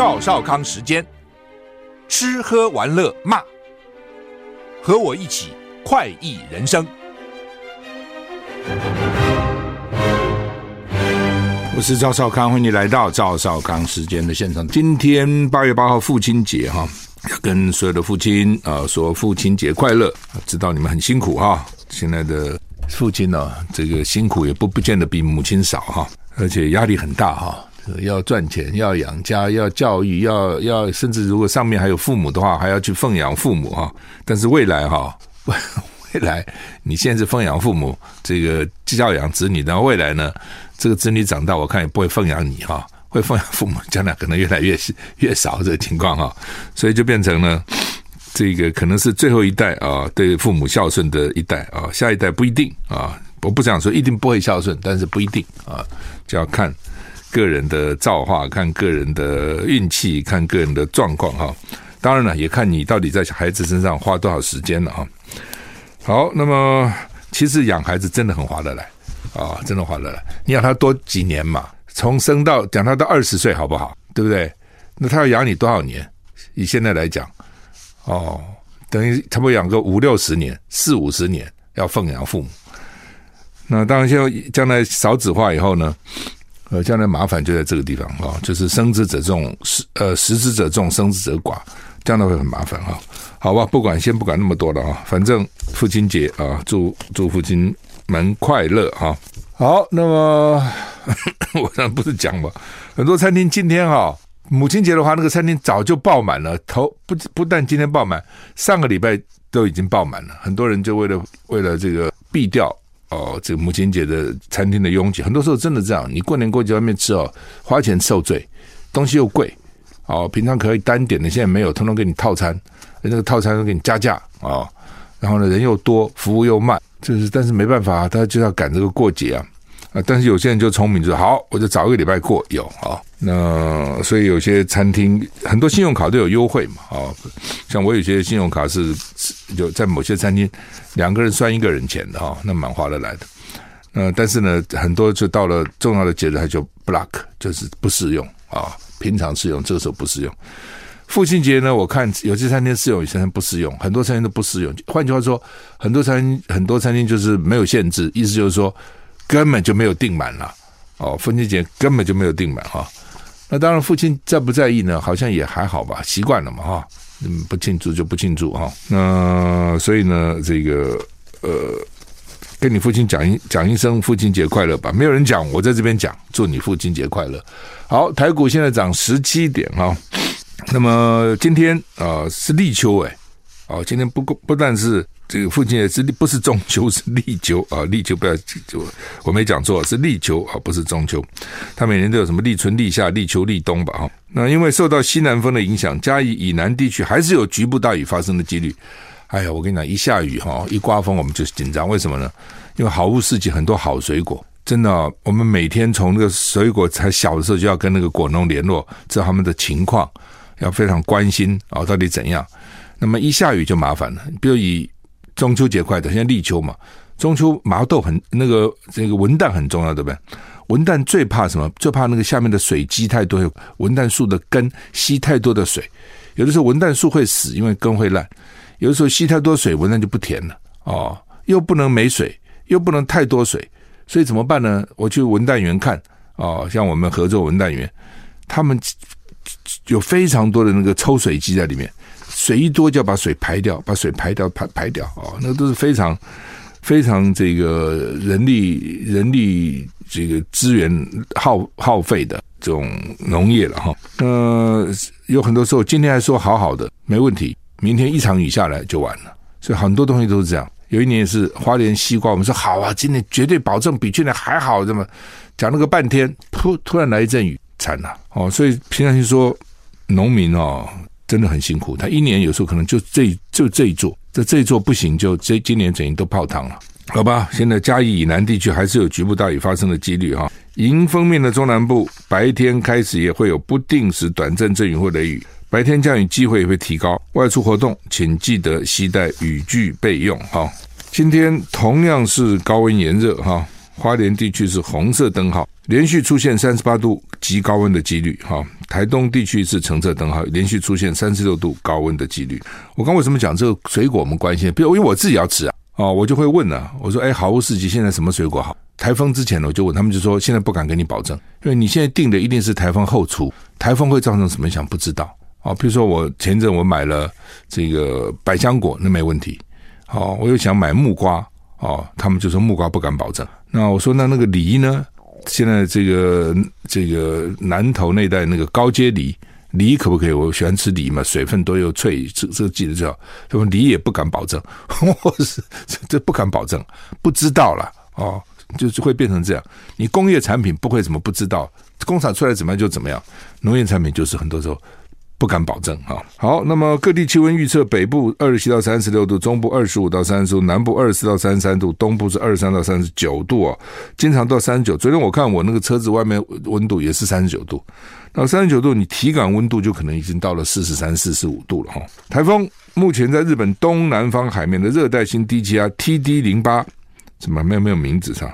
趙少康時間，吃喝玩樂罵，和我一起快意人生。我是趙少康，歡迎你來到趙少康時間的現場。今天八月八號父親節哈、啊，跟所有的父親啊說父親節快樂。知道你們很辛苦哈、啊，現在的父親呢、啊，這個辛苦也不不見得比母親少哈、啊，而且壓力很大哈、啊。要賺錢，要養家，要教育，要要，甚至如果上面還有父母的話，還要去奉養父母啊，但是未來哈，未來你現在是奉養父母，這個教養子女，然後未來呢，這個子女長大，我看也不會奉養你哈，會奉養父母，將來可能越來越越少這個情況哈。所以就變成呢，這個可能是最後一代啊，對父母孝順的一代啊，下一代不一定啊。我不想說一定不會孝順，但是不一定啊，就要看。個人的造化，看個人的運氣，看個人的狀況哈。當然了，也看你到底在孩子身上花多少時間了啊。好，那麼其實養孩子真的很划得來啊、哦，真的划得來。你養他多幾年嘛，從生到講他到二十歲，好不好？對不對？那他要養你多少年？以現在來講，哦，等於差不多養個五六十年、四五十年，要奉養父母。那當然，現在將來少子化以後呢？呃，將來麻煩就在這個地方啊、哦，就是生之者眾，呃，食之者眾，生之者寡，這樣的會很麻煩啊、哦。好吧，不管先不管那麼多了啊、哦，反正父親節啊、呃，祝祝父親們快樂啊、哦。好，那麼呵呵我那不是講嘛，很多餐廳今天哈、哦，母親節的話，那個餐廳早就爆滿了，頭不不但今天爆滿，上個禮拜都已經爆滿了，很多人就為了為了這個避掉。哦，這個母親節的餐廳的擁擠，很多時候真的這樣。你過年過節外面吃哦，花錢受罪，東西又貴。哦，平常可以單點的，現在沒有，通通給你套餐。那個套餐都給你加價哦，然後呢，人又多，服務又慢，就是但是沒辦法，大家就要趕這個過節啊。啊！但是有些人就聰明，就說好，我就早一個禮拜過有啊。那所以有些餐廳很多信用卡都有優惠嘛啊、哦。像我有些信用卡是有在某些餐廳兩個人算一個人錢的哈、哦，那蠻划得來的。嗯、呃，但是呢，很多就到了重要的節日，它就 block，就是不適用啊、哦。平常適用，這個時候不適用。父親節呢，我看有些餐廳適用，有些人不適用，很多餐廳都不適用。換句話說，很多餐廳很多餐廳就是沒有限制，意思就是說。根本就沒有訂滿了哦，父親節根本就沒有訂滿哈、啊。那當然，父親在不在意呢？好像也還好吧，習慣了嘛哈。嗯、啊，不慶祝就不慶祝哈。那、啊、所以呢，這個呃，跟你父親講一講一聲父親節快樂吧。沒有人講，我在這邊講，祝你父親節快樂。好，台股現在漲十七點啊。那麼今天啊是立秋誒、哎，哦、啊，今天不不但是。這個附近也是不是中秋是立秋啊？立秋不要記住，我沒講錯，是立秋啊，不是中秋。他每年都有什麼立春、立夏、立秋、立冬吧？哈，那因為受到西南風的影響，嘉義以南地區還是有局部大雨發生的幾率。哎呀，我跟你講，一下雨哈、啊，一刮風我們就緊張，為什麼呢？因為好物市集，很多好水果，真的、啊，我們每天從那個水果才小的時候就要跟那個果農聯絡，知道他們的情況要非常關心啊，到底怎樣？那麼一下雨就麻煩了，比如以中秋節快的，現在立秋嘛，中秋麻豆很那個那個文旦很重要對不對？文旦最怕什麼？最怕那個下面的水積太多，文旦樹的根吸太多的水，有的時候文旦樹會死，因為根會爛；有的時候吸太多水，文旦就不甜了。哦，又不能沒水，又不能太多水，所以怎麼辦呢？我去文旦園看，哦，像我們合作文旦園，他們有非常多的那個抽水機在裡面。水一多就要把水排掉，把水排掉排排掉啊！那都是非常、非常這個人力、人力這個資源耗耗費的這種農業了哈。呃，有很多時候今天還說好好的沒問題，明天一場雨下來就完了。所以很多東西都是這樣。有一年也是花蓮西瓜，我們說好啊，今年絕對保證比去年還好，這麼講了個半天，突突然來一陣雨，慘了哦！所以平常就說農民哦。真的很辛苦，他一年有時候可能就這就這一座，這這一座不行，就這今年整年都泡湯了，好吧？現在嘉義以南地區還是有局部大雨發生的幾率哈。迎風面的中南部白天開始也會有不定時短暫陣雨或者雷雨，白天降雨機會也會提高。外出活動請記得攜帶雨具備用哈。今天同樣是高溫炎熱哈。花蓮地區是紅色燈號，連續出現三十八度極高溫的幾率。哈、哦，台東地區是橙色燈號，連續出現三十六度高溫的幾率。我剛為什麼講這個水果我們關心？比如因為我自己要吃啊，哦，我就會問呢、啊。我說，哎、欸，毫無事跡，現在什麼水果好？颱風之前，呢，我就問他們，就說現在不敢給你保證，因為你現在定的一定是颱風後出。颱風會造成什麼？影響不知道啊。比、哦、如說我前陣我買了這個百香果，那沒問題。哦，我又想買木瓜，哦，他們就說木瓜不敢保證。那我說，那那個梨呢？現在這個這個南投那帶那個高接梨，梨可不可以？我喜歡吃梨嘛，水分多又脆，這這記得叫什麼？說梨也不敢保證，我是這這不敢保證，不知道了哦，就是會變成這樣。你工業產品不會怎麼不知道，工廠出來怎麼樣就怎麼樣。農業產品就是很多時候，不敢保證啊。好，那麼各地氣溫預測：北部二十七到三十六度，中部二十五到三十度，南部二十四到三十三度，東部是二十三到三十九度哦。經常到三十九。昨天我看我那個車子外面溫度也是三十九度。那三十九度，你體感溫度就可能已經到了四十三、四十五度了哈。颱風目前在日本東南方海面的熱帶性低氣壓 TD 零八，怎麼沒有沒有名字上，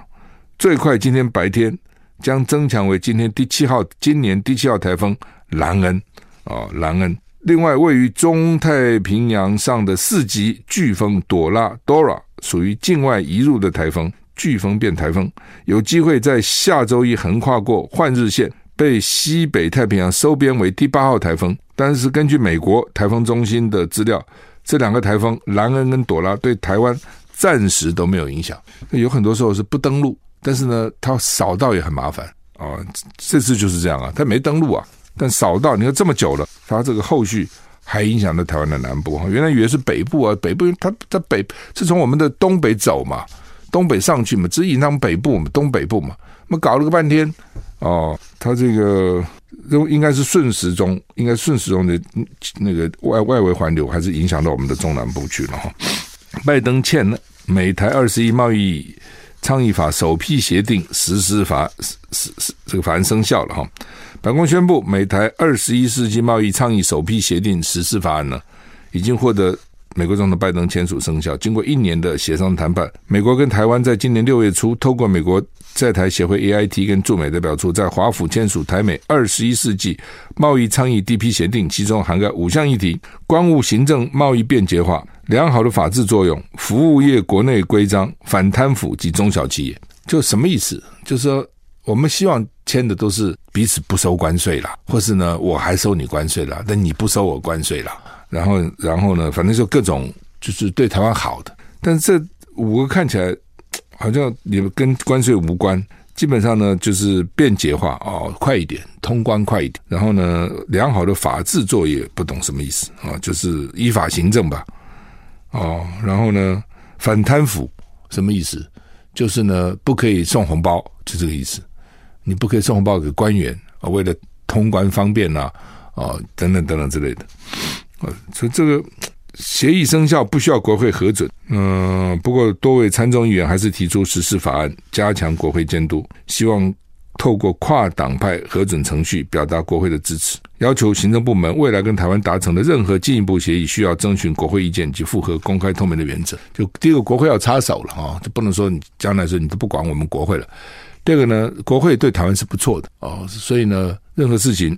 最快今天白天將增強為今天第七號今年第七號颱風蘭恩。哦，蘭恩。另外，位於中太平洋上的四級颶風朵拉朵拉屬於境外移入的台風，颶風變台風，有機會在下周一橫跨過換日線，被西北太平洋收編為第八號台風。但是，根據美國台風中心的資料，這兩個台風蘭恩跟朵拉對台灣暫時都沒有影響。有很多時候是不登陸，但是呢，它掃到也很麻煩啊。哦，這次就是這樣啊，它沒登陸啊。但少到你看這麼久了，它這個後續還影響到台灣的南部哈。原來以為是北部啊,北部它他北，是從我們的東北走嘛，東北上去嘛，指引他們北部、東北部嘛。那搞了個半天哦，它這個都應該是順時鐘，應該順時鐘的，那個外外圍環流還是影響到我們的中南部去了哈。拜登簽了美台二十一貿易倡議法首批協定實施法，這個法案生效了哈。白宮宣布，美台二十一世紀貿易倡議首批協定實施法案呢，已經獲得美國總統拜登簽署生效。經過一年的協商談判，美國跟台灣在今年六月初，透過美國在台協會 AIT 跟駐美代表處，在華府簽署台美二十一世紀貿易倡議第一批協定，其中涵蓋五項議題：關務行政、貿易便捷化、良好的法治作用、服務業國內規章、反貪腐及中小企業。就什麼意思？就是說。我們希望簽的都是彼此不收關稅啦，或是呢，我還收你關稅啦，但你不收我關稅啦，然後，然後呢，反正就各種就是對台灣好的。但是這五個看起來好像也跟關稅無關。基本上呢，就是便捷化哦，快一點，通關快一點。然後呢，良好的法制作業，不懂什麼意思啊，哦，就是依法行政吧。哦，然後呢，反貪腐什麼意思？就是呢，不可以送紅包，就這個意思。你不可以送紅包給官員啊，為了通關方便呐、啊，啊、哦，等等等等之類的，哦、所以這個協議生效不需要國會核准，嗯，不過多位參眾議員還是提出實施法案，加強國會監督，希望透過跨黨派核准程序表達國會的支持，要求行政部門未來跟台灣達成的任何進一步協議需要徵詢國會意見及符合公開透明的原則。就第一個，國會要插手了啊、哦，就不能說你將來說你都不管我們國會了。第二個呢，國會對台灣是不錯的哦，所以呢，任何事情，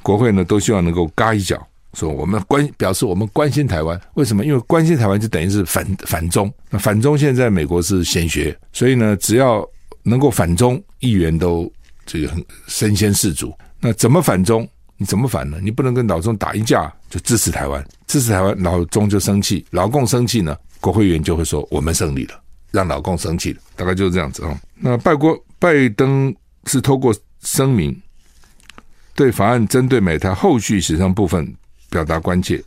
國會呢都希望能夠嘎一腳，說我們關表示我們關心台灣，為什麼？因為關心台灣就等於是反反中，那反中現在美國是顯學，所以呢，只要能夠反中，議員都這個很身先士卒。那怎麼反中？你怎麼反呢？你不能跟老中打一架就支持台灣，支持台灣老中就生氣，老共生氣呢，國會議員就會說我們勝利了。讓老公生氣了，大概就是這樣子啊、哦。那拜國拜登是透過聲明對法案針對美台後續協商部分表達關切，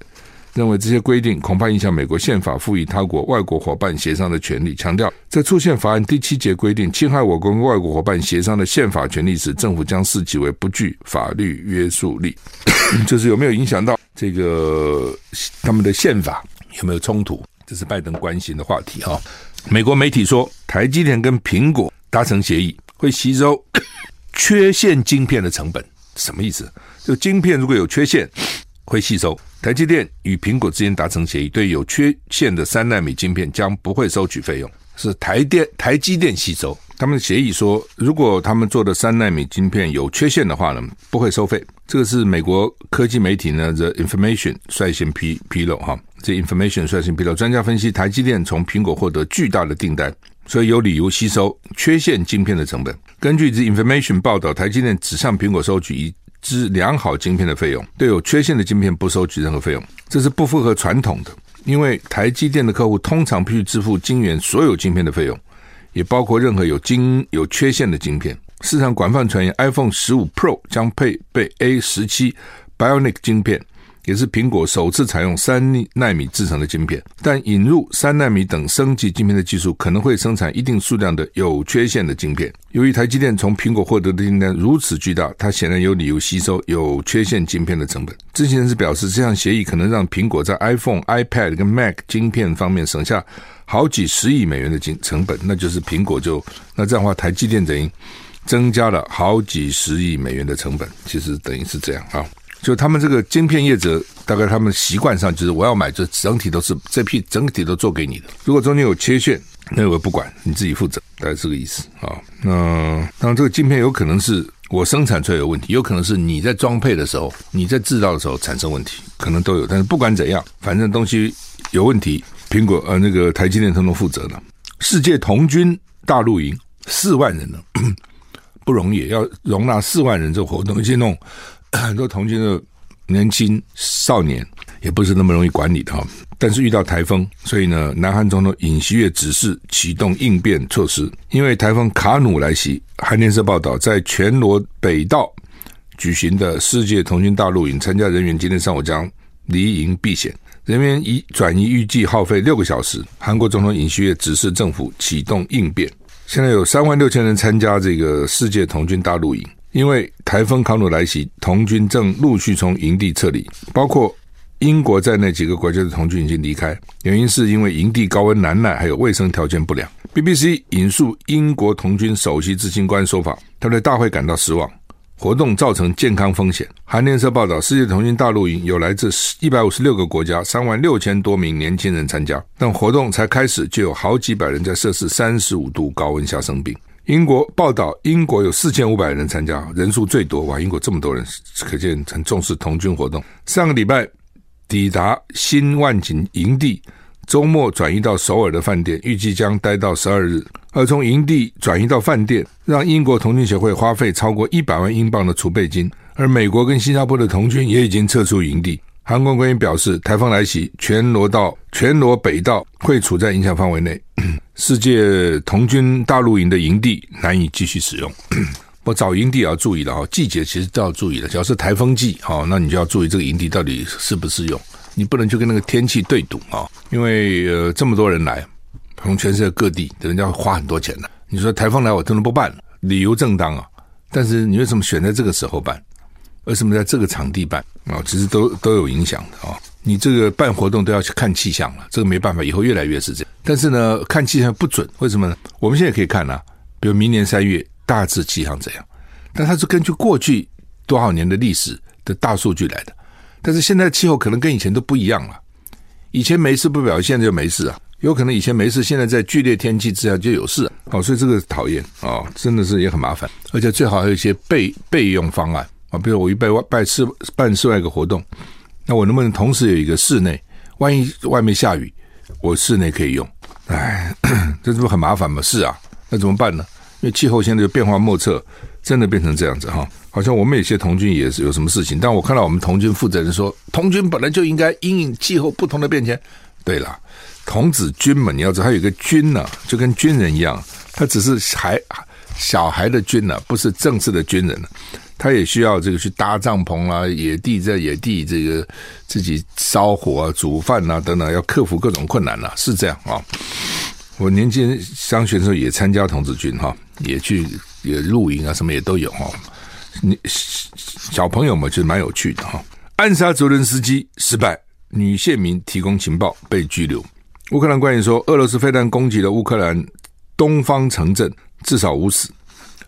認為這些規定恐怕影響美國憲法賦予他國外國夥伴協商的權利。強調在出現法案第七節規定侵害我國跟外國夥伴協商的憲法權利時，政府將視其為不具法律約束力。就是有沒有影響到這個他們的憲法，有沒有衝突？這是拜登關心的話題哈、哦。美國媒體說，台積電跟蘋果達成協議，會吸收缺陷晶片的成本，什麼意思？就晶片如果有缺陷，會吸收。台積電與蘋果之間達成協議，對有缺陷的三奈米晶片將不會收取費用，是台電台積電吸收。他們的協議說，如果他們做的三奈米晶片有缺陷的話呢，不會收費。這個是美國科技媒體呢 The Information 率先披披露哈。The Information 率先披露，專家分析，台積電從蘋果獲得巨大的訂單，所以有理由吸收缺陷晶片的成本。根據 The Information 報道，台積電只向蘋果收取一支良好晶片的費用，對有缺陷的晶片不收取任何費用。這是不符合傳統的，因為台積電的客戶通常必須支付晶圓所有晶片的費用。也包括任何有精有缺陷的晶片。市場廣泛傳言，iPhone 15 Pro 將配備 A17 Bionic 晶片。也是蘋果首次採用三奈米制成的晶片，但引入三奈米等升級晶片的技術可能會生產一定數量的有缺陷的晶片。由於台積電從蘋果獲得的訂單如此巨大，它顯然有理由吸收有缺陷晶片的成本。知情人士表示，這項協議可能讓蘋果在 iPhone、iPad 跟 Mac 晶片方面省下好幾十億美元的金成本。那就是蘋果就那這樣的話，台積電等於增加了好幾十億美元的成本，其實等於是這樣啊。就他們這個晶片業者，大概他們習慣上就是我要買，這整體都是這批整體都做給你的。如果中間有缺陷，那我不管，你自己負責，大概是這個意思啊。那當然，這個晶片有可能是我生產出來有問題，有可能是你在裝配的時候、你在製造的時候產生問題，可能都有。但是不管怎樣，反正東西有問題，蘋果呃那個台積電他們負責的。世界童軍大陸營四萬人了，不容易，要容納四萬人這個活動一起弄。很多童軍的年輕少年也不是那麼容易管理的哈，但是遇到台風，所以呢，南韓總統尹錫悅指示啟動應變措施，因為台風卡努來襲。韓聯社報道，在全羅北道舉行的世界童軍大露營參加人員今天上午將離營避險，人員已轉移，預計耗費六個小時。韓國總統尹錫悅指示政府啟動應變，現在有三萬六千人參加這個世界童軍大露營。因為颱風卡努來襲，童軍正陸續從營地撤離，包括英國在內幾個國家的童軍已經離開。原因是因為營地高溫難耐，還有衛生條件不良。BBC 引述英國童軍首席執行官說法，他對大會感到失望，活動造成健康風險。韓聯社報道，世界童軍大露營有來自一百五十六個國家三萬六千多名年輕人參加，但活動才開始就有好幾百人在攝氏三十五度高溫下生病。英國報道，英國有四千五百人參加，人數最多。哇，英國這麼多人，可見很重視童軍活動。上個禮拜抵達新萬景營地，周末轉移到首爾的飯店，預計將待到十二日。而從營地轉移到飯店，讓英國童軍協會花費超過一百萬英鎊的儲備金。而美國跟新加坡的童軍也已經撤出營地。韓國官員表示，台風來襲，全羅道、全羅北道會處在影響範圍內，世界童軍大露營的營地難以繼續使用。我找營地也要注意了哈，季節其實都要注意的。只要是台風季，哈、哦，那你就要注意這個營地到底適不適用。你不能就跟那個天氣對賭啊、哦，因為、呃、這麼多人來，從全世界各地，人家會花很多錢的、啊。你說台風來，我不能不辦，理由正當啊。但是你為什麼選在這個時候辦？為什麼在這個場地辦？啊、哦，其實都都有影響的啊、哦！你這個辦活動都要去看氣象了，這個沒辦法，以後越來越是這樣。但是呢，看氣象不準，為什麼呢？我們現在可以看啊，比如明年三月大致氣象怎樣？但它是根據過去多少年的歷史的大數據來的，但是現在氣候可能跟以前都不一樣了。以前沒事不表現，現在就沒事啊，有可能以前沒事，現在在劇烈天氣之下就有事啊！哦，所以這個討厭啊、哦，真的是也很麻煩，而且最好還有一些備備用方案。比如我辦外辦室辦室外一個活動，那我能不能同時有一個室內？萬一外面下雨，我室內可以用。哎，這是不是很麻煩嗎？是啊，那怎麼辦呢？因為氣候現在就變化莫測，真的變成這樣子哈、啊，好像我們有些童軍也是有什麼事情。但我看到我們童軍負責人說，童軍本來就應該因應氣候不同的變遷。對了，童子軍嘛，你要知道，還有一個軍呢、啊，就跟軍人一樣，他只是孩小孩的軍呢、啊，不是正式的軍人、啊他也需要這個去搭帳篷啊，野地在野地，這個自己燒火、啊、煮飯啊等等，要克服各種困難啊，是這樣啊。我年輕上學的時候也參加童子軍哈、啊，也去也露營啊，什麼也都有哈、啊。你小朋友們就是蠻有趣的哈、啊。暗殺澤倫斯基失敗，女線民提供情報被拘留，烏克蘭官員說，俄羅斯飛彈攻擊了烏克蘭東方城鎮，至少五死。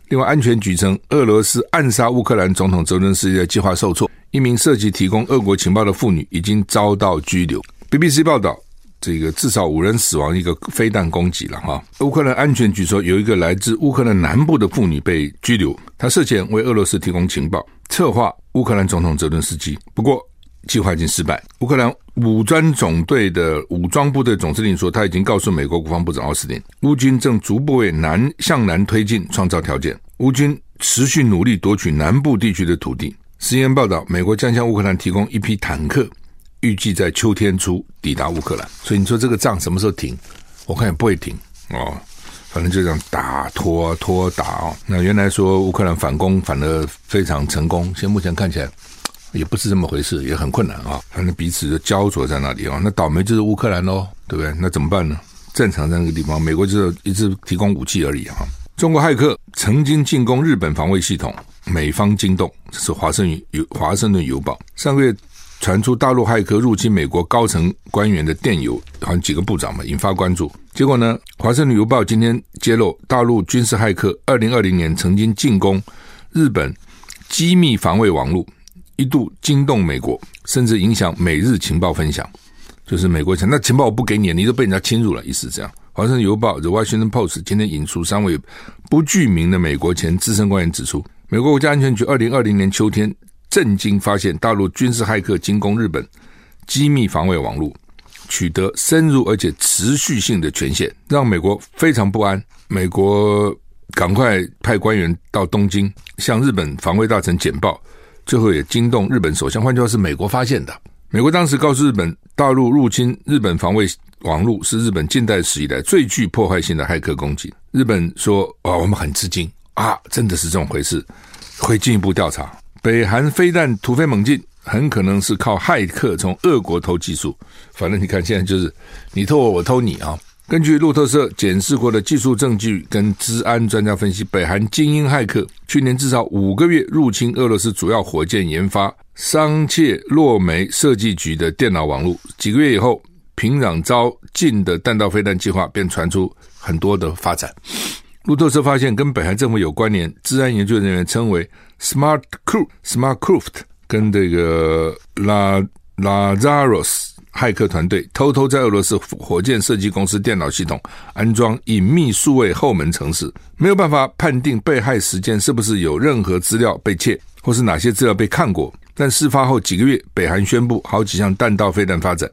另外，安全局稱，俄羅斯暗殺烏克蘭總統澤倫斯基的計劃受挫。一名涉及提供俄國情報的婦女已經遭到拘留。BBC 報道，這個至少五人死亡，一個飛彈攻擊了哈。烏克蘭安全局說，有一個來自烏克蘭南部的婦女被拘留，她涉嫌為俄羅斯提供情報，策劃烏克蘭總統澤倫斯基。不過。計劃已經失敗。烏克蘭武裝總隊的武裝部隊總司令說，他已經告訴美國國防部長奧斯汀，烏軍正逐步為南向南推進創造條件。烏軍持續努力奪取南部地區的土地。C《實驗報道，美國將向烏克蘭提供一批坦克，預計在秋天初抵達烏克蘭。所以你說這個仗什麼時候停？我看也不會停哦，反正就這樣打拖拖打哦。那原來說烏克蘭反攻反得非常成功，現在目前看起來。也不是這麼回事，也很困難啊。反正彼此就焦灼在那裡啊。那倒霉就是烏克蘭咯，對不對？那怎麼辦呢？戰場在那個地方，美國就是一直提供武器而已啊。中國駭客曾經進攻日本防衛系統，美方驚動，這是華《華盛頓華盛頓郵報》上個月傳出大陸駭客入侵美國高層官員的電郵，好像幾個部長嘛，引發關注。結果呢，《華盛頓郵報》今天揭露，大陸軍事駭客二零二零年曾經進攻日本機密防衛網絡。一度驚動美國，甚至影響美日情報分享。就是美國前，那情報我不給你，你都被人家侵入了，意思這樣。華盛頓郵報，The Washington Post，今天引述三位不具名的美國前資深官員指出，美國國家安全局二零二零年秋天震驚發現，大陸軍事駭客進攻日本機密防衛網絡，取得深入而且持續性的權限，讓美國非常不安。美國趕快派官員到東京向日本防衛大臣簡報。最後也驚動日本首相，換句話說是美國發現的。美國當時告訴日本，大陸入侵日本防衛網絡是日本近代史以來最具破壞性的駭客攻擊。日本說啊，我們很吃驚啊，真的是這麼回事，會進一步調查。北韓飛彈突飛猛進，很可能是靠駭客從俄國偷技術。反正你看，現在就是你偷我，我偷你啊。根據路透社檢視過的技術證據，跟治安專家分析，北韓精英駭客去年至少五個月入侵俄羅斯主要火箭研發桑切洛梅設計局的電腦網絡。幾個月以後，平壤招進的彈道飛彈計劃便傳出很多的發展。路透社發現，跟北韓政府有關聯。治安研究人員稱為 ft, Smart Crew、Smart c r u f t 跟這個 La l a z a r u s 駭客團隊偷偷在俄羅斯火箭設計公司電腦系統安裝隱秘數位後門程式，沒有辦法判定被害時間是不是有任何資料被竊，或是哪些資料被看過。但事發後幾個月，北韓宣布好幾項彈道飛彈發展，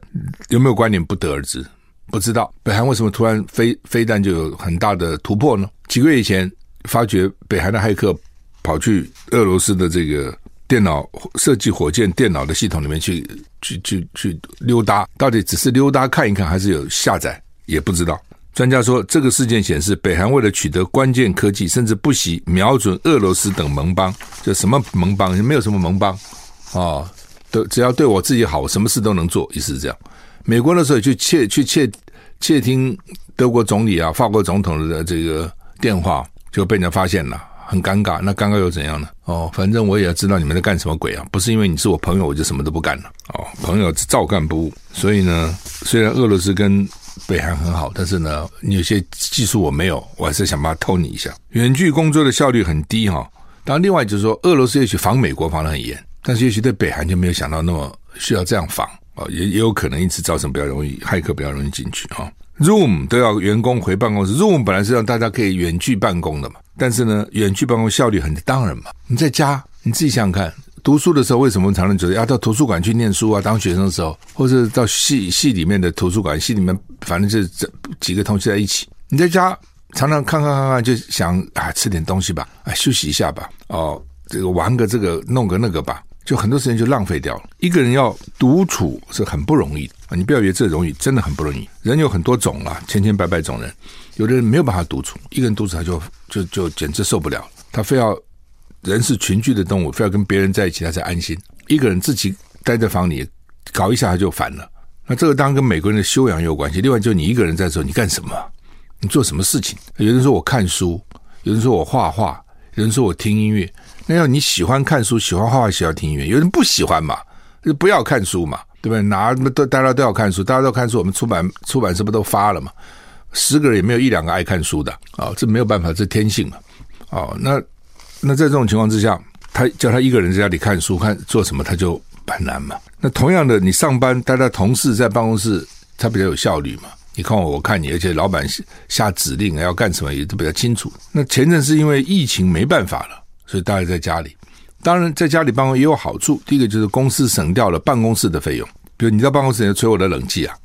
有沒有關聯不得而知。不知道北韓為什麼突然飛飛彈就有很大的突破呢？幾個月以前發覺北韓的駭客跑去俄羅斯的這個。電腦設計火箭電腦的系統裡面去去去去溜達，到底只是溜達看一看，還是有下載也不知道。專家說，這個事件顯示，北韓為了取得關鍵科技，甚至不惜瞄準俄羅斯等盟邦。就什麼盟邦？沒有什麼盟邦啊！都、哦，只要對我自己好，我什麼事都能做，意思是這樣。美國那時候也去竊去竊竊聽德國總理啊、法國總統的這個電話，就被人家發現了。很尷尬，那尷尬又怎樣呢？哦，反正我也要知道你們在幹什麼鬼啊！不是因為你是我朋友，我就什麼都不幹了哦。朋友照幹不誤。所以呢，雖然俄羅斯跟北韓很好，但是呢，你有些技術我沒有，我還是想把它偷你一下。遠距工作的效率很低哈、哦。當然，另外就是說，俄羅斯也許防美國防得很嚴，但是也許對北韓就沒有想到那麼需要這樣防啊、哦，也也有可能因此造成比較容易駭客比較容易進去啊。哦 Zoom 都要員工回辦公室。Zoom 本來是讓大家可以遠距辦公的嘛，但是呢，遠距辦公效率很低，當然嘛。你在家，你自己想想看，讀書的時候為什麼常常覺得要到圖書館去念書啊？當學生的時候，或者到系系裡面的圖書館，系裡面反正就幾個同學在一起。你在家常常看看看看，就想啊，吃點東西吧，啊，休息一下吧，哦，這個玩個這個，弄個那個吧。就很多時間就浪費掉了。一個人要獨處是很不容易的，你不要以為這容易，真的很不容易。人有很多種啊，千千百百種人，有的人沒有辦法獨處，一個人獨處他就就就簡直受不了，他非要人是群居的動物，非要跟別人在一起，他才安心。一個人自己待在房裡搞一下，他就煩了。那這個當然跟每個人的修養也有關係。另外，就你一個人在的時候，你幹什麼？你做什麼事情？有人說我看書，有人說我畫畫，有人說我聽音樂。那要你喜歡看書，喜歡畫畫，喜歡聽音樂。有人不喜歡嘛，就不要看書嘛，對不對？哪都大家都要看書，大家都看書，我們出版出版社，不都發了嘛？十個人也沒有一兩個愛看書的啊、哦，這沒有辦法，這天性嘛、啊。哦，那那在這種情況之下，他叫他一個人在家裡看書，看做什麼他就很難嘛。那同樣的，你上班待在同事在辦公室，他比較有效率嘛？你看我，我看你，而且老板下指令要幹什麼也都比較清楚。那前陣是因為疫情沒辦法了。所以大家在家裡，當然在家裡辦公也有好處。第一個就是公司省掉了辦公室的費用，比如你在辦公室你要吹我的冷氣啊，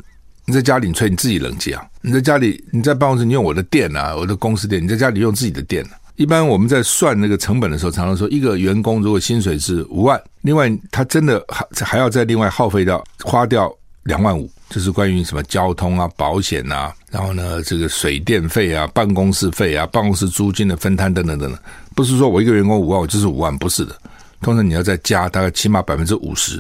你在家裡你吹你自己冷氣啊。你在家裡，你在辦公室你用我的電啊，我的公司電，你在家裡用自己的電啊。一般我們在算那個成本的時候，常常說一個員工如果薪水是五萬，另外他真的還還要再另外耗費掉花掉兩萬五，就是關於什麼交通啊、保險啊，然後呢，這個水電費啊、辦公室費啊、辦公室租金的分攤等等等等。不是說我一個員工五萬，我就是五萬，不是的。通常你要再加大概起碼百分之五十，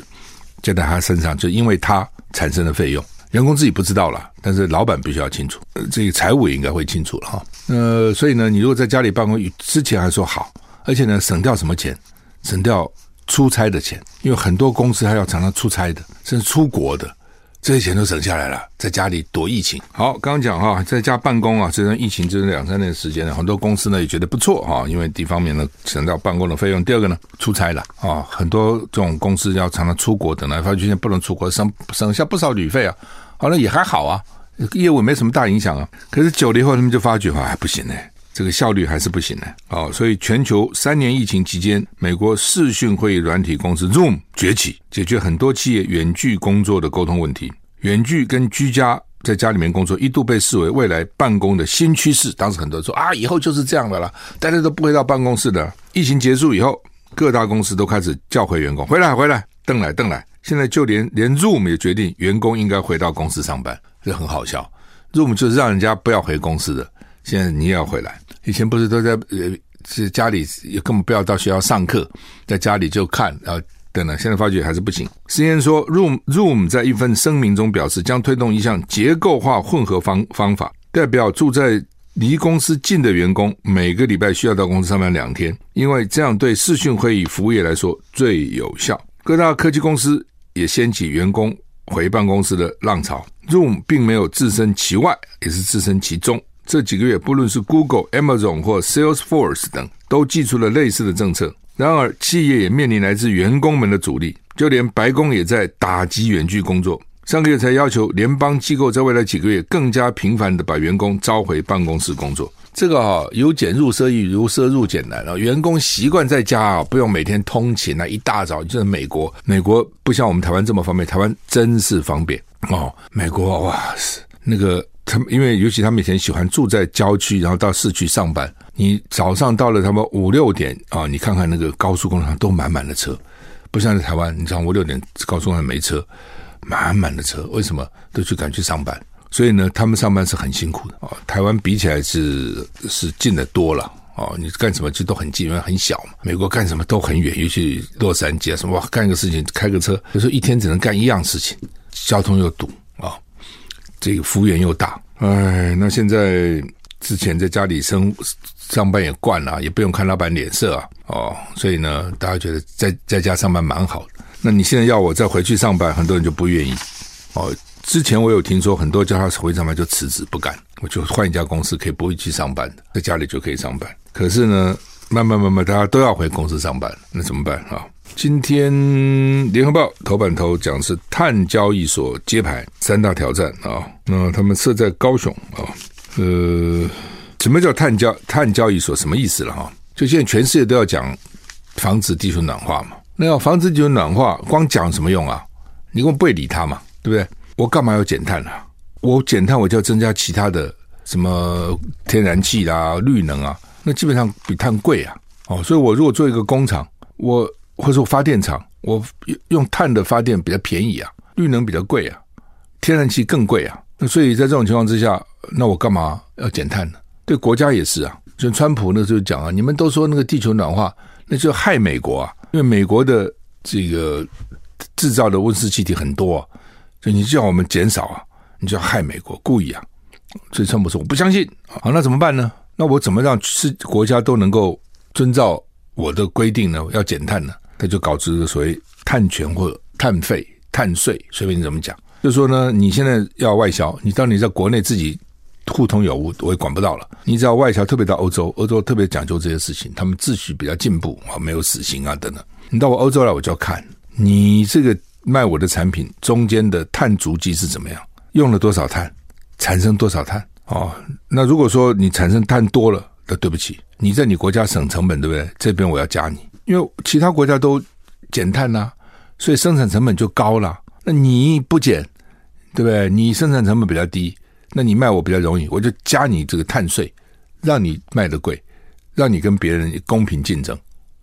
加在他身上，就因為他產生的費用，員工自己不知道了，但是老板必須要清楚，呃，這個財務也應該會清楚了哈、啊。呃，所以呢，你如果在家裡辦公，之前還說好，而且呢，省掉什麼錢，省掉出差的錢，因為很多公司還要常常出差的，甚至出國的。這些錢都省下來了，在家裡躲疫情。好，剛剛講哈、啊，在家辦公啊，這段疫情這兩三年時間呢，很多公司呢也覺得不錯哈、啊，因為第一方面呢省掉辦公的費用，第二個呢出差了啊，很多這種公司要常常出國，等來發現不能出國，省省下不少旅費啊，好了也還好啊，業務也沒什麼大影響啊。可是九零後他們就發覺啊、哎，不行呢、哎。這個效率還是不行的，哦，所以全球三年疫情期間，美國視訊會議軟體公司 Zoom 崛起，解決很多企業遠距工作的溝通問題。遠距跟居家在家裡面工作，一度被視為未來辦公的新趨勢。當時很多人說啊，以後就是這樣的了，大家都不會到辦公室的。疫情結束以後，各大公司都開始叫回員工回來，回來，鄧來鄧來。現在就連連 Zoom 也決定員工應該回到公司上班，這很好笑。Zoom 就是讓人家不要回公司的。現在你也要回來？以前不是都在呃，是家裡也根本不要到學校上課，在家裡就看啊等等。現在發覺還是不行。世岩說，Zoom Zoom 在一份聲明中表示，將推動一項結構化混合方方法，代表住在離公司近的員工，每個禮拜需要到公司上班兩天，因為這樣對視訊會議服務業來說最有效。各大科技公司也掀起員工回辦公室的浪潮。Zoom 並沒有置身其外，也是置身其中。這幾個月，不論是 Google、Amazon 或 Salesforce 等，都祭出了類似的政策。然而，企業也面臨來自員工們的阻力。就連白宮也在打擊遠距工作。上個月才要求聯邦機構在未來幾個月更加頻繁的把員工召回辦公室工作。這個啊，由儉入奢易，由奢入儉難啊！員工習慣在家啊，不用每天通勤那、啊、一大早就在、是、美國。美國不像我們台灣這麼方便，台灣真是方便哦。美國，哇那個。他們因為尤其他們以前喜歡住在郊區，然後到市區上班。你早上到了他們五六點啊、哦，你看看那個高速公路上都滿滿的車，不像在台灣。你知道五六點高速公路上沒車，滿滿的車。為什麼都去趕去上班？所以呢，他們上班是很辛苦的啊、哦。台灣比起來是是近得多了啊、哦。你幹什麼去都很近，因為很小嘛。美國幹什麼都很遠，尤其洛杉磯啊什麼哇幹個事情開個車，有時候一天只能幹一樣事情，交通又堵。這個幅員又大，哎，那現在之前在家裡生上班也慣了、啊，也不用看老板臉色啊，哦，所以呢，大家覺得在在家上班蠻好的。那你現在要我再回去上班，很多人就不願意。哦，之前我有聽說很多叫他回去上班就辭職不幹，我就換一家公司可以不會去上班的，在家裡就可以上班。可是呢，慢慢慢慢大家都要回公司上班，那怎麼辦啊？哦今天《聯合報》頭版頭講的是碳交易所揭牌三大挑戰啊、哦，那他們設在高雄啊、哦，呃，什麼叫碳交碳交易所？什麼意思了哈、哦？就現在全世界都要講防止地球暖化嘛，那要防止地球暖化，光講什麼用啊？你跟我不會理他嘛，對不對？我幹嘛要減碳呢、啊？我減碳我就要增加其他的什麼天然氣啦、綠能啊，那基本上比碳貴啊，哦，所以我如果做一個工廠，我或者說發電廠，我用用碳的發電比較便宜啊，綠能比較貴啊，天然氣更貴啊。那所以在這種情況之下，那我幹嘛要減碳呢？對國家也是啊。就川普那時候講啊，你們都說那個地球暖化，那就害美國啊。因為美國的這個製造的溫室氣體很多啊，所以你叫我們減少啊，你就要害美國，故意啊。所以川普說我不相信。啊，那怎麼辦呢？那我怎麼讓是國家都能夠遵照我的規定呢？要減碳呢？他就搞這個所謂碳權或碳費、碳稅，隨便你怎麼講，就是說呢，你現在要外銷，你當你在國內自己互通有無，我也管不到了。你只要外銷，特別到歐洲，歐洲特別講究這些事情，他們秩序比較進步啊，沒有死刑啊等等。你到我歐洲來，我就要看你這個賣我的產品中間的碳足跡是怎麼樣，用了多少碳，產生多少碳哦。那如果說你產生碳多了，那對不起，你在你國家省成本，對不對？這邊我要加你。因為其他國家都減碳吶、啊，所以生產成本就高了。那你不減，對不對？你生產成本比較低，那你賣我比較容易，我就加你這個碳稅，讓你賣得貴，讓你跟別人公平競爭，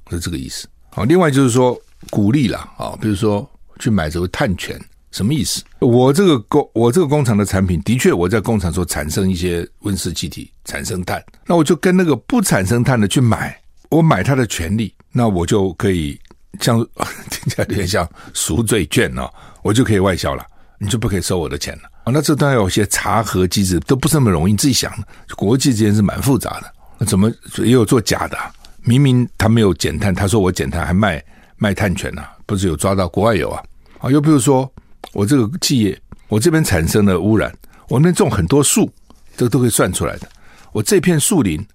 是這個意思。好，另外就是說鼓勵了啊，比如說去買這個碳權，什麼意思？我這個工我這個工廠的產品，的確我在工廠所產生一些溫室氣體，產生碳，那我就跟那個不產生碳的去買。我買他的權利，那我就可以像聽起來有點像贖罪券哦，我就可以外銷了，你就不可以收我的錢了啊？那這當然有些查核機制都不是那麼容易自己想的，國際之間是蠻複雜的，怎麼也有做假的啊？明明他沒有減碳，他說我減碳還賣賣碳權呢，啊？不是有抓到國外有啊？啊，又比如說我這個企業，我這邊產生了污染，我那邊種很多樹，這個都可以算出來的。我這片樹林，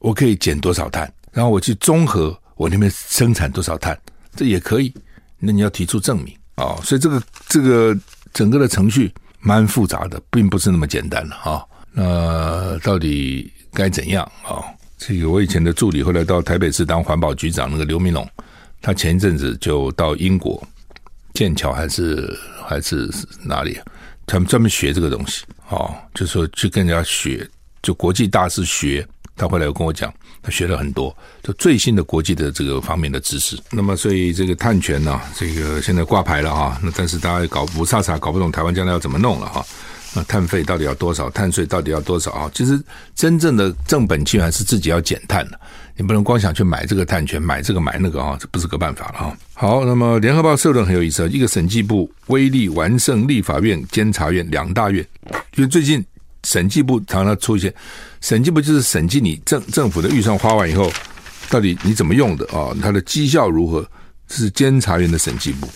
我可以減多少碳？然後我去綜合我那邊生產多少碳，這也可以。那你要提出證明啊、哦，所以這個這個整個的程序蠻複雜的，並不是那麼簡單的啊、哦。那到底該怎樣啊、哦？這個我以前的助理後來到台北市當環保局長，那個劉銘龍，他前一陣子就到英國劍橋還是還是哪裡，他們專門學這個東西哦，就是、說去跟人家學，就國際大師學。他後來跟我講。他學了很多，就最新的國際的這個方面的知識。那麼，所以這個碳權呢、啊，這個現在掛牌了啊。那但是大家也搞不啥啥，傻傻搞不懂台灣將來要怎麼弄了哈、啊。那碳費到底要多少？碳稅到底要多少啊？其實真正的正本清源是自己要減碳的，你不能光想去買這個碳權，買這個買那個啊，這不是個辦法了啊。好，那麼聯合報社論很有意思啊，一個審計部威力完勝立法院、監察院兩大院，就是最近。審計部常常出現，審計部就是審計你政政府的預算花完以後，到底你怎麼用的啊？它的績效如何？是監察院的審計部。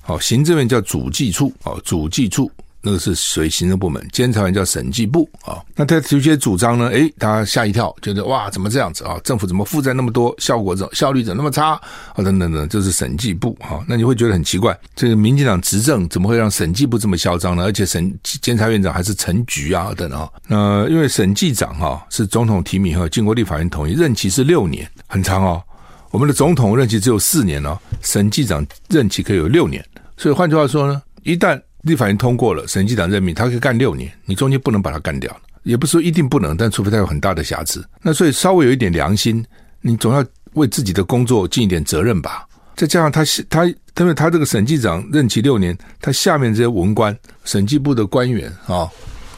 好，行政院叫主計處，啊，主計處。那個是屬於行政部門，監察院叫審計部啊、哦。那他直接主張呢？哎，他嚇一跳，覺、就、得、是、哇，怎麼這樣子啊？政府怎麼負債那麼多？效果怎麼效率怎麼那麼差？啊、哦，等，等等等，就是審計部啊、哦。那你會覺得很奇怪，這個民進黨執政怎麼會讓審計部這麼囂張呢？而且審監察院長還是陳菊啊等啊、哦。那因為審計長哈、哦、是總統提名和經過立法院同意，任期是六年，很長哦。我們的總統任期只有四年呢、哦，審計長任期可以有六年。所以換句話說呢，一旦立法院通過了審計長任命，他可以幹六年。你中間不能把他幹掉，也不是說一定不能，但除非他有很大的瑕疵。那所以稍微有一點良心，你總要為自己的工作盡一點責任吧。再加上他他，因為他這個審計長任期六年，他下面這些文官、審計部的官員啊，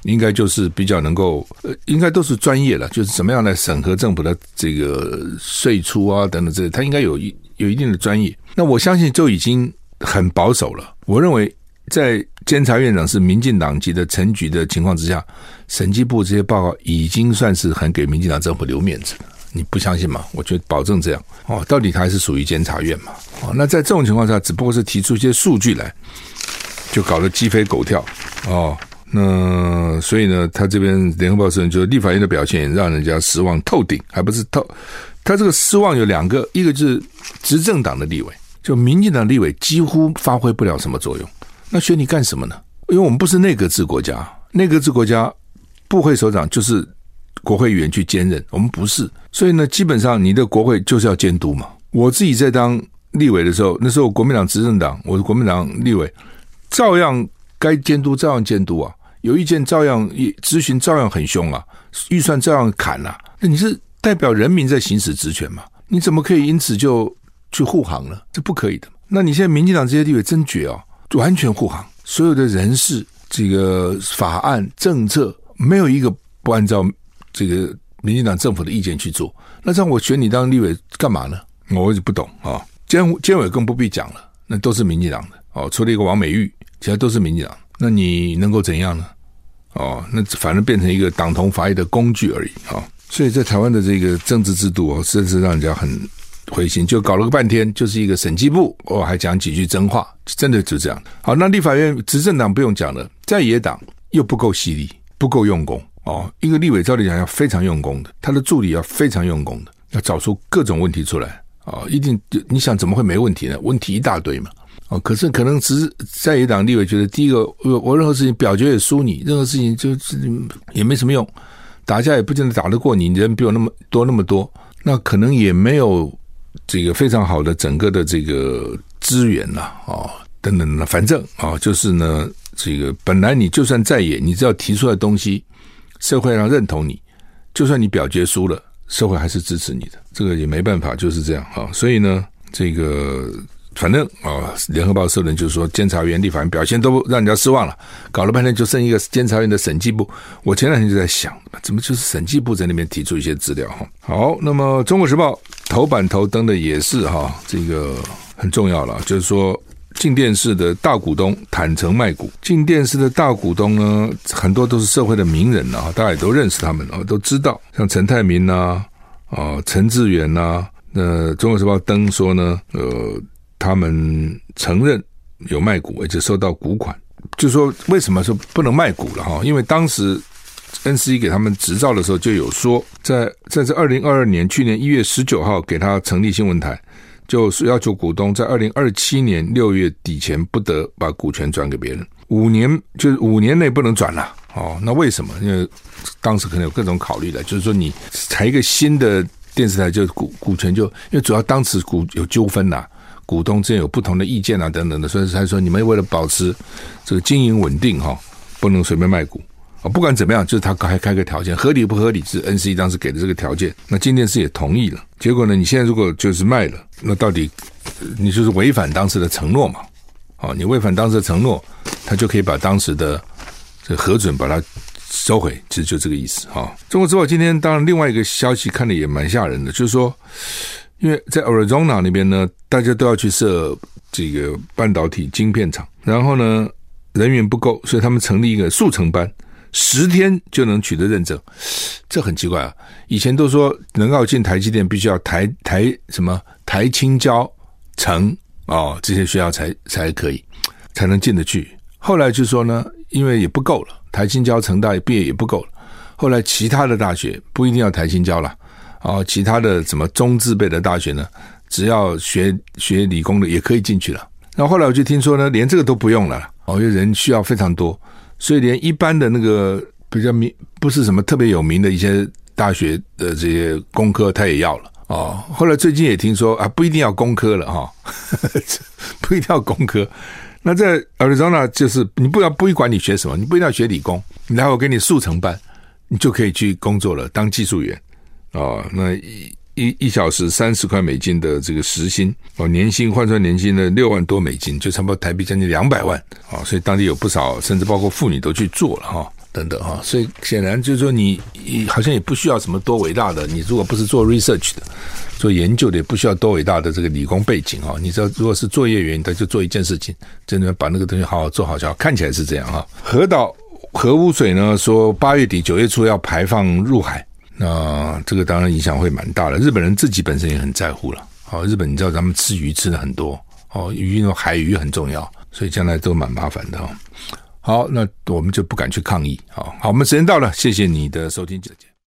應該就是比較能夠，呃，應該都是專業了，就是怎麼樣來審核政府的這個歲出啊等等之類，他應該有一有一定的專業。那我相信就已經很保守了，我認為。在監察院長是民進黨籍的陳菊的情況之下，審計部這些報告已經算是很給民進黨政府留面子了，你不相信嗎？我就保證這樣哦。到底他還是屬於監察院嘛？哦，那在這種情況下，只不過是提出一些數據來，就搞得雞飛狗跳哦。那所以呢，他這邊《聯合報》社，認，就立法院的表現也讓人家失望透頂，還不是透？他這個失望有兩個，一個就是執政黨的立委，就民進黨立委幾乎發揮不了什麼作用。那選你幹什麼呢？因為我們不是內閣制國家，內閣制國家部會首長就是國會議員去兼任，我們不是，所以呢，基本上你的國會就是要監督嘛。我自己在當立委的時候，那時候我國民黨執政黨，我是國民黨立委照該監，照樣該監督照樣監督啊，有意見照樣質詢，質詢照樣很兇啊，預算照樣砍吶、啊。那你是代表人民在行使職權嘛？你怎麼可以因此就去護航呢？這不可以的。那你現在民進黨這些立委真絕哦！完全護航，所有的人事、這個法案、政策，沒有一個不按照這個民進黨政府的意見去做。那這樣我選你當立委幹嘛呢？我也不懂啊、哦。監委監委更不必講了，那都是民進黨的哦。除了一個王美玉，其他都是民進黨。那你能夠怎樣呢？哦，那反正變成一個黨同伐異的工具而已啊、哦。所以在台灣的這個政治制度啊、哦，甚至讓人家很。回心就搞了個半天，就是一個審計部，我、哦、還講幾句真話，真的就這樣。好，那立法院執政黨不用講了，在野黨又不夠犀利，不夠用功哦。一個立委照理講要非常用功的，他的助理要非常用功的，要找出各種問題出來啊、哦！一定，你想怎麼會沒問題呢？問題一大堆嘛。哦，可是可能只在野黨立委覺得，第一個我任何事情表決也輸你，任何事情就是也沒什麼用，打架也不見得打得過你，你人比我那麼多那麼多，那可能也沒有。這個非常好的整個的這個資源呐、啊，哦，等等，反正啊、哦，就是呢，這個本來你就算在野，你只要提出來的東西，社會上認同你，就算你表決輸了，社會還是支持你的，這個也沒辦法，就是這樣啊、哦。所以呢，這個。反正啊，呃《聯合報》社人就是說，監察院立法院表現都不讓人家失望了。搞了半天就剩一個監察院的審計部。我前兩天就在想，怎麼就是審計部在那邊提出一些資料哈？好，那麼《中國時報》頭版頭登的也是哈、啊，這個很重要了，就是說，鏡電視的大股東坦承賣股。鏡電視的大股東呢，很多都是社會的名人了、啊、大家也都認識他們啊，都知道，像陳泰銘吶，啊，陳、呃、志遠吶、啊。那《中國時報》登說呢，呃。他們承認有賣股，而且收到股款。就說為什麼說不能賣股了哈？因為當時 NCC 給他們執照的時候就有說，在在這二零二二年，去年一月十九號給他成立新聞台，就是要求股東在二零二七年六月底前不得把股權轉給別人，五年就是五年內不能轉了。哦，那為什麼？因為當時可能有各種考慮的，就是說你才一個新的電視台，就股股權就因為主要當時股有糾紛吶、啊。股東之間有不同的意見啊，等等的，所以他說，你們為了保持這個經營穩定哈、哦，不能隨便賣股啊、哦。不管怎麼樣，就是他還開個條件，合理不合理是 N C 當時給的這個條件。那今天是也同意了，結果呢，你現在如果就是賣了，那到底你就是違反當時的承諾嘛？哦，你違反當時的承諾，他就可以把當時的這個核准把它收回，其實就這個意思哈、哦。中國時報今天當然另外一個消息看得也蠻嚇人的，就是說。因為在 Arizona 那邊呢，大家都要去設這個半導體晶片廠，然後呢，人員不夠，所以他們成立一個速成班，十天就能取得認證。這很奇怪啊！以前都說能夠進台積電，必須要台台什麼台清交成啊這些學校才才可以才能進得去。後來就說呢，因為也不夠了，台清交成大畢業也不夠了，後來其他的大學不一定要台清交了。啊，其他的什麼中字輩的大學呢，只要學學理工的也可以進去了。那後，後來我就聽說呢，連這個都不用了。哦，因為人需要非常多，所以連一般的那個比較名，不是什麼特別有名的一些大學的這些工科，他也要了。啊、哦，後來最近也聽說啊，不一定要工科了哈、哦，不一定要工科。那在 Arizona 就是，你不要，不一管你學什麼，你不一定要學理工，然後我給你速成班，你就可以去工作了，當技術員。啊、哦，那一一一小時三十塊美金的這個時薪哦，年薪換算年薪呢六萬多美金，就差不多台幣將近兩百萬啊、哦。所以當地有不少，甚至包括婦女都去做了哈、哦，等等哈、哦。所以顯然就是說，你好像也不需要什麼多偉大的，你如果不是做 research 的，做研究的也不需要多偉大的這個理工背景哈、哦，你知道，如果是作業員，他就做一件事情，真的把那個東西好好做好就好，看起來是這樣哈。福、哦、島核污水呢，說八月底九月初要排放入海。那這個當然影響會蠻大的，日本人自己本身也很在乎了。好、哦，日本你知道咱們吃魚吃的很多，哦，魚那種海魚很重要，所以將來都蠻麻煩的、哦。好，那我們就不敢去抗議。好，好，我們時間到了，謝謝你的收聽，再見。